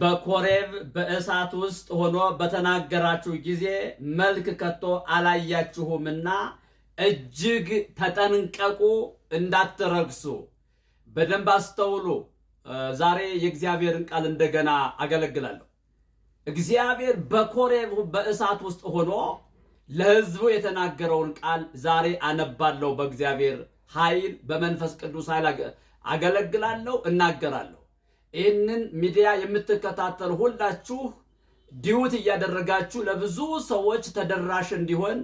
በኮሬብ በእሳት ውስጥ ሆኖ በተናገራችሁ ጊዜ መልክ ከቶ አላያችሁምና እጅግ ተጠንቀቁ፣ እንዳትረግሱ። በደንብ አስተውሉ። ዛሬ የእግዚአብሔርን ቃል እንደገና አገለግላለሁ። እግዚአብሔር በኮሬብ በእሳት ውስጥ ሆኖ ለሕዝቡ የተናገረውን ቃል ዛሬ አነባለሁ። በእግዚአብሔር ኃይል፣ በመንፈስ ቅዱስ ኃይል አገለግላለሁ፣ እናገራለሁ። ይህንን ሚዲያ የምትከታተሉ ሁላችሁ ዲዩት እያደረጋችሁ ለብዙ ሰዎች ተደራሽ እንዲሆን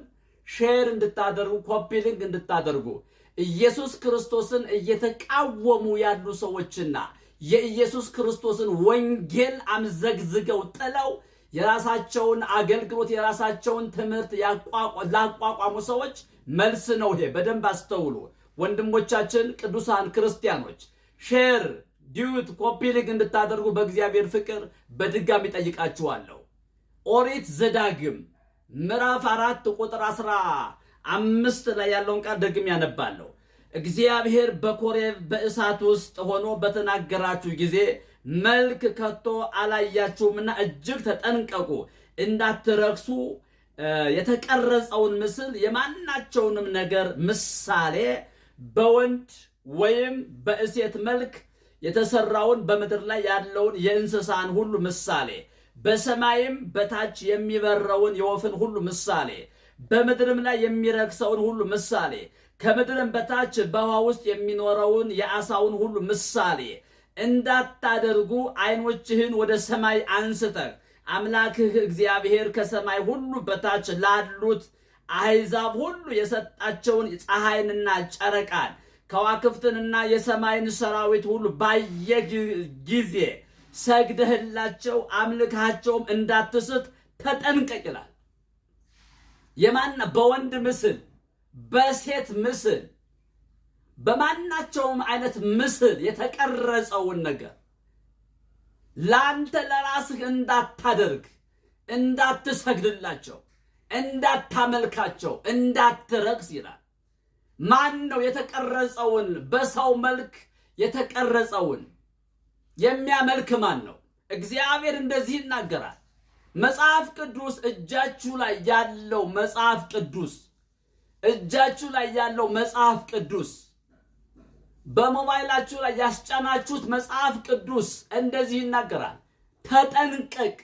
ሼር እንድታደርጉ ኮፒ ሊንክ እንድታደርጉ ኢየሱስ ክርስቶስን እየተቃወሙ ያሉ ሰዎችና የኢየሱስ ክርስቶስን ወንጌል አምዘግዝገው ጥለው የራሳቸውን አገልግሎት የራሳቸውን ትምህርት ላቋቋሙ ሰዎች መልስ ነው። ይሄ በደንብ አስተውሉ ወንድሞቻችን፣ ቅዱሳን ክርስቲያኖች ሼር ዲዩት ኮፒ ሊንክ እንድታደርጉ በእግዚአብሔር ፍቅር በድጋሚ ጠይቃችኋለሁ። ኦሪት ዘዳግም ምዕራፍ አራት ቁጥር አስራ አምስት ላይ ያለውን ቃል ደግም ያነባለሁ። እግዚአብሔር በኮሬብ በእሳት ውስጥ ሆኖ በተናገራችሁ ጊዜ መልክ ከቶ አላያችሁምና እጅግ ተጠንቀቁ እንዳትረክሱ የተቀረጸውን ምስል የማናቸውንም ነገር ምሳሌ በወንድ ወይም በእሴት መልክ የተሰራውን በምድር ላይ ያለውን የእንስሳን ሁሉ ምሳሌ በሰማይም በታች የሚበረውን የወፍን ሁሉ ምሳሌ በምድርም ላይ የሚረክሰውን ሁሉ ምሳሌ ከምድርም በታች በውሃ ውስጥ የሚኖረውን የአሳውን ሁሉ ምሳሌ እንዳታደርጉ ዓይኖችህን ወደ ሰማይ አንስተህ አምላክህ እግዚአብሔር ከሰማይ ሁሉ በታች ላሉት አሕዛብ ሁሉ የሰጣቸውን ፀሐይንና ጨረቃን ከዋክብትንና የሰማይን ሰራዊት ሁሉ ባየ ጊዜ ሰግደህላቸው አምልካቸውም እንዳትስት ተጠንቀቅ ይላል። የማና በወንድ ምስል፣ በሴት ምስል፣ በማናቸውም አይነት ምስል የተቀረጸውን ነገር ለአንተ ለራስህ እንዳታደርግ፣ እንዳትሰግድላቸው፣ እንዳታመልካቸው፣ እንዳትረክስ ይላል። ማን ነው የተቀረጸውን በሰው መልክ የተቀረጸውን የሚያመልክ ማን ነው? እግዚአብሔር እንደዚህ ይናገራል። መጽሐፍ ቅዱስ እጃችሁ ላይ ያለው መጽሐፍ ቅዱስ እጃችሁ ላይ ያለው መጽሐፍ ቅዱስ በሞባይላችሁ ላይ ያስጫናችሁት መጽሐፍ ቅዱስ እንደዚህ ይናገራል። ተጠንቀቅ፣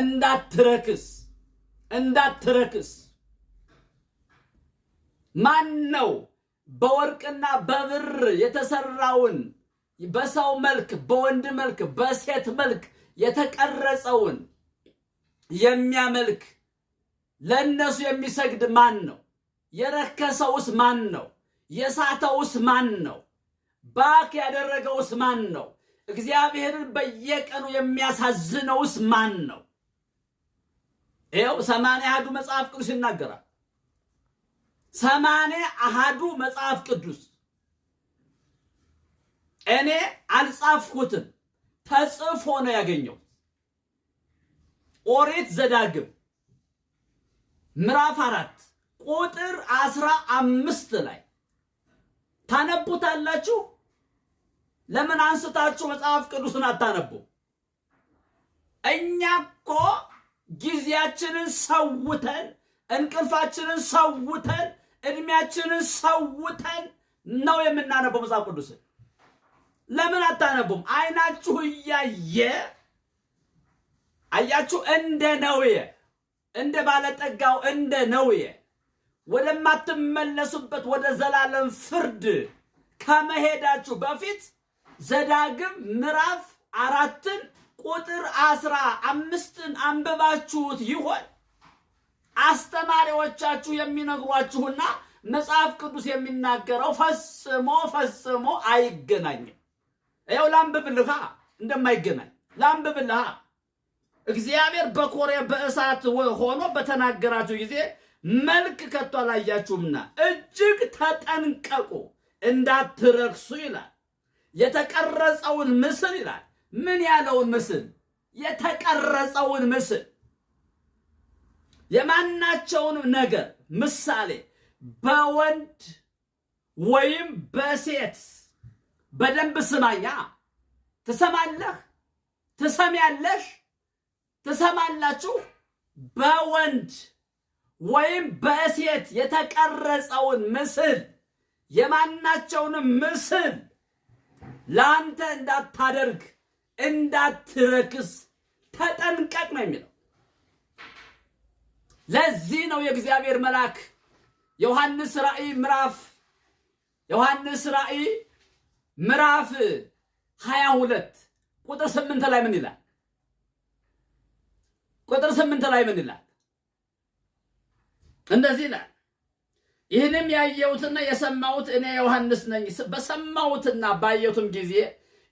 እንዳትረክስ እንዳትረክስ ማን ነው በወርቅና በብር የተሰራውን በሰው መልክ በወንድ መልክ በሴት መልክ የተቀረጸውን የሚያመልክ ለእነሱ የሚሰግድ ማን ነው? የረከሰውስ ማን ነው? የሳተውስ ማን ነው? ባክ ያደረገውስ ማን ነው? እግዚአብሔርን በየቀኑ የሚያሳዝነውስ ማን ነው? ይኸው ሰማንያ አሐዱ መጽሐፍ ቅዱስ ይናገራል። ሰማኔ አሃዱ መጽሐፍ ቅዱስ እኔ አልጻፍኩትም ተጽፎ ነው ያገኘው። ኦሪት ዘዳግም ምዕራፍ አራት ቁጥር አስራ አምስት ላይ ታነቡታላችሁ። ለምን አንስታችሁ መጽሐፍ ቅዱስን አታነቡ? እኛ እኮ ጊዜያችንን ሰውተን እንቅልፋችንን ሰውተን እድሜያችንን ሰውተን ነው የምናነበው መጽሐፍ ቅዱስ ለምን አታነቡም? አይናችሁ እያየ አያችሁ፣ እንደ ነዌ እንደ ባለጠጋው እንደ ነዌ ወደማትመለሱበት ወደ ዘላለም ፍርድ ከመሄዳችሁ በፊት ዘዳግም ምዕራፍ አራትን ቁጥር አስራ አምስትን አንብባችሁት ይሆን? አስተማሪዎቻችሁ የሚነግሯችሁና መጽሐፍ ቅዱስ የሚናገረው ፈጽሞ ፈጽሞ አይገናኝም። ያው ላንብብልሃ እንደማይገናኝ ላንብብልሃ እግዚአብሔር በኮሬ በእሳት ሆኖ በተናገራችሁ ጊዜ መልክ ከቶ አላያችሁምና እጅግ ተጠንቀቁ እንዳትረክሱ ይላል። የተቀረጸውን ምስል ይላል። ምን ያለውን ምስል? የተቀረጸውን ምስል የማናቸውንም ነገር ምሳሌ በወንድ ወይም በሴት በደንብ ስማኛ። ትሰማለህ፣ ትሰሚያለሽ፣ ትሰማላችሁ። በወንድ ወይም በሴት የተቀረጸውን ምስል የማናቸውንም ምስል ለአንተ እንዳታደርግ እንዳትረክስ ተጠንቀቅ ነው የሚለው። ለዚህ ነው የእግዚአብሔር መልአክ ዮሐንስ ራእይ ምዕራፍ ዮሐንስ ራእይ ምዕራፍ 22 ቁጥር 8 ላይ ምን ይላል? ቁጥር 8 ላይ ምን ይላል? እንደዚህ ይላል፣ ይህንም ያየሁትና የሰማሁት እኔ ዮሐንስ ነኝ። በሰማሁትና ባየሁትም ጊዜ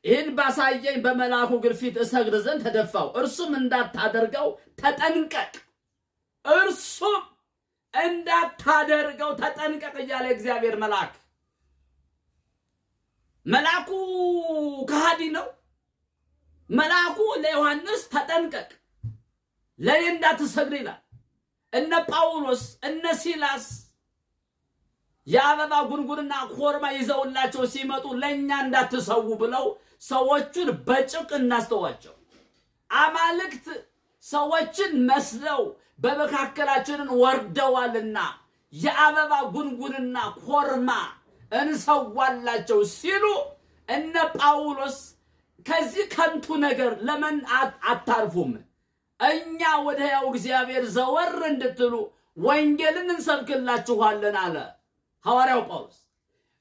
ይህን ባሳየኝ በመልአኩ ግርፊት እሰግድ ዘንድ ተደፋው። እርሱም እንዳታደርገው ተጠንቀቅ እርሱም እንዳታደርገው ተጠንቀቅ እያለ እግዚአብሔር መልአክ መልአኩ ከሃዲ ነው። መልአኩ ለዮሐንስ ተጠንቀቅ፣ ለእኔ እንዳትሰግድ ይላል። እነ ጳውሎስ እነ ሲላስ የአበባ ጉንጉንና ኮርማ ይዘውላቸው ሲመጡ ለእኛ እንዳትሰዉ ብለው ሰዎቹን በጭቅ እናስተዋቸው አማልክት ሰዎችን መስለው በመካከላችንን ወርደዋልና የአበባ ጉንጉንና ኮርማ እንሰዋላቸው ሲሉ እነ ጳውሎስ ከዚህ ከንቱ ነገር ለምን አታርፉም? እኛ ወደ ሕያው እግዚአብሔር ዘወር እንድትሉ ወንጌልን እንሰብክላችኋለን አለ ሐዋርያው ጳውሎስ።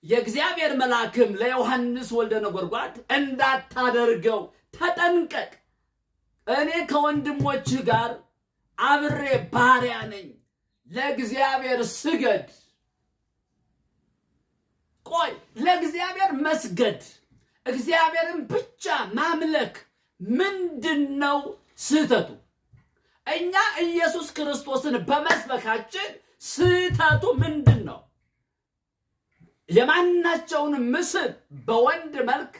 የእግዚአብሔር መልአክም ለዮሐንስ ወልደ ነጎድጓድ እንዳታደርገው ተጠንቀቅ እኔ ከወንድሞች ጋር አብሬ ባሪያ ነኝ፣ ለእግዚአብሔር ስገድ። ቆይ ለእግዚአብሔር መስገድ እግዚአብሔርን ብቻ ማምለክ ምንድን ነው ስህተቱ? እኛ ኢየሱስ ክርስቶስን በመስበካችን ስህተቱ ምንድን ነው? የማናቸውን ምስል በወንድ መልክ፣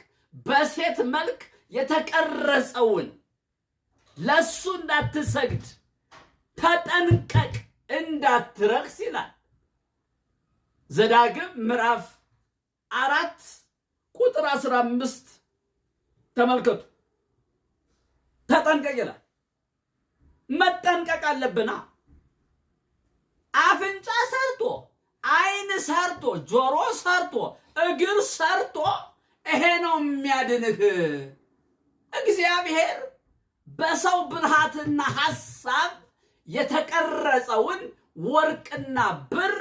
በሴት መልክ የተቀረጸውን ለሱ እንዳትሰግድ ተጠንቀቅ፣ እንዳትረክስ ይላል። ዘዳግም ምዕራፍ አራት ቁጥር አስራ አምስት ተመልከቱ። ተጠንቀቅ ይላል። መጠንቀቅ አለብና አፍንጫ ሰርቶ አይን ሰርቶ ጆሮ ሰርቶ እግር ሰርቶ ይሄ ነው የሚያድንህ እግዚአብሔር በሰው ብልሃትና ሐሳብ የተቀረጸውን ወርቅና ብር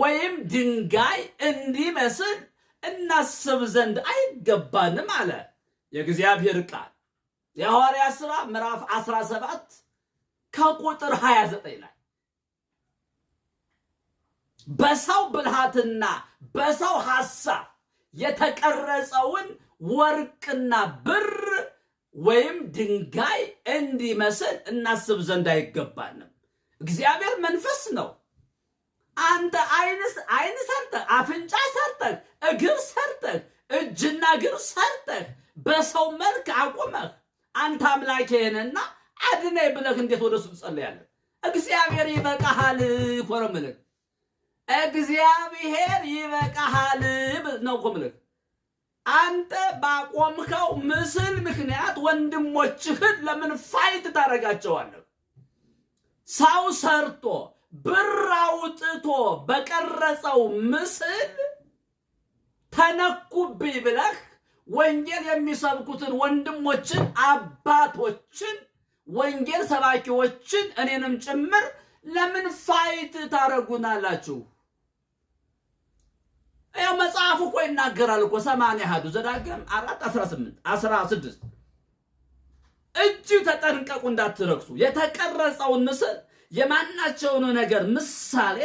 ወይም ድንጋይ እንዲመስል እናስብ ዘንድ አይገባንም አለ የእግዚአብሔር ቃል የሐዋርያ ሥራ ምዕራፍ 17 ከቁጥር 29 ላይ በሰው ብልሃትና በሰው ሐሳብ የተቀረጸውን ወርቅና ብር ወይም ድንጋይ እንዲመስል እናስብ ዘንድ አይገባንም። እግዚአብሔር መንፈስ ነው። አንተ አይን ሰርተህ፣ አፍንጫ ሰርተህ፣ እግር ሰርተህ፣ እጅና እግር ሰርተህ በሰው መልክ አቁመህ አንተ አምላኬ ነህና አድነኝ ብለህ እንዴት ወደ እሱ ትጸልያለህ? እግዚአብሔር ይበቃሃል እኮ ነው የምልህ። እግዚአብሔር ይበቃሃል ነው እኮ የምልህ አንተ ባቆምከው ምስል ምክንያት ወንድሞችህን ለምን ፋይት ታደርጋቸዋለህ? ሰው ሰርቶ ብር አውጥቶ በቀረጸው ምስል ተነኩብኝ ብለህ ወንጌል የሚሰብኩትን ወንድሞችን፣ አባቶችን፣ ወንጌል ሰባኪዎችን እኔንም ጭምር ለምን ፋይት ታደርጉናላችሁ? ያው መጽሐፉ እኮ ይናገራል እኮ ሰማንያ አሐዱ ዘዳግም አራት አስራ ስምንት አስራ ስድስት እጅግ ተጠንቀቁ እንዳትረክሱ የተቀረጸውን ምስል የማናቸውን ነገር ምሳሌ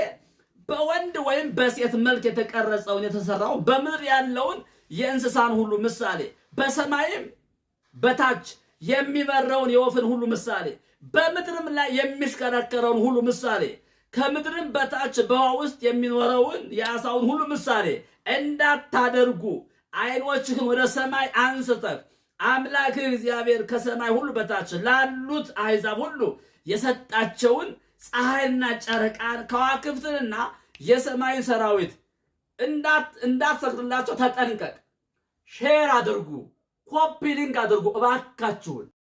በወንድ ወይም በሴት መልክ የተቀረጸውን የተሰራውን በምድር ያለውን የእንስሳን ሁሉ ምሳሌ በሰማይም በታች የሚበረውን የወፍን ሁሉ ምሳሌ በምድርም ላይ የሚሽከረከረውን ሁሉ ምሳሌ ከምድርም በታች በውሃ ውስጥ የሚኖረውን የአሳውን ሁሉ ምሳሌ እንዳታደርጉ ዓይኖችህን ወደ ሰማይ አንስተህ አምላክህ እግዚአብሔር ከሰማይ ሁሉ በታች ላሉት አሕዛብ ሁሉ የሰጣቸውን ፀሐይና ጨረቃን ከዋክብትንና የሰማይን ሰራዊት እንዳትሰግድላቸው ተጠንቀቅ። ሼር አድርጉ፣ ኮፒ ሊንክ አድርጉ እባካችሁን።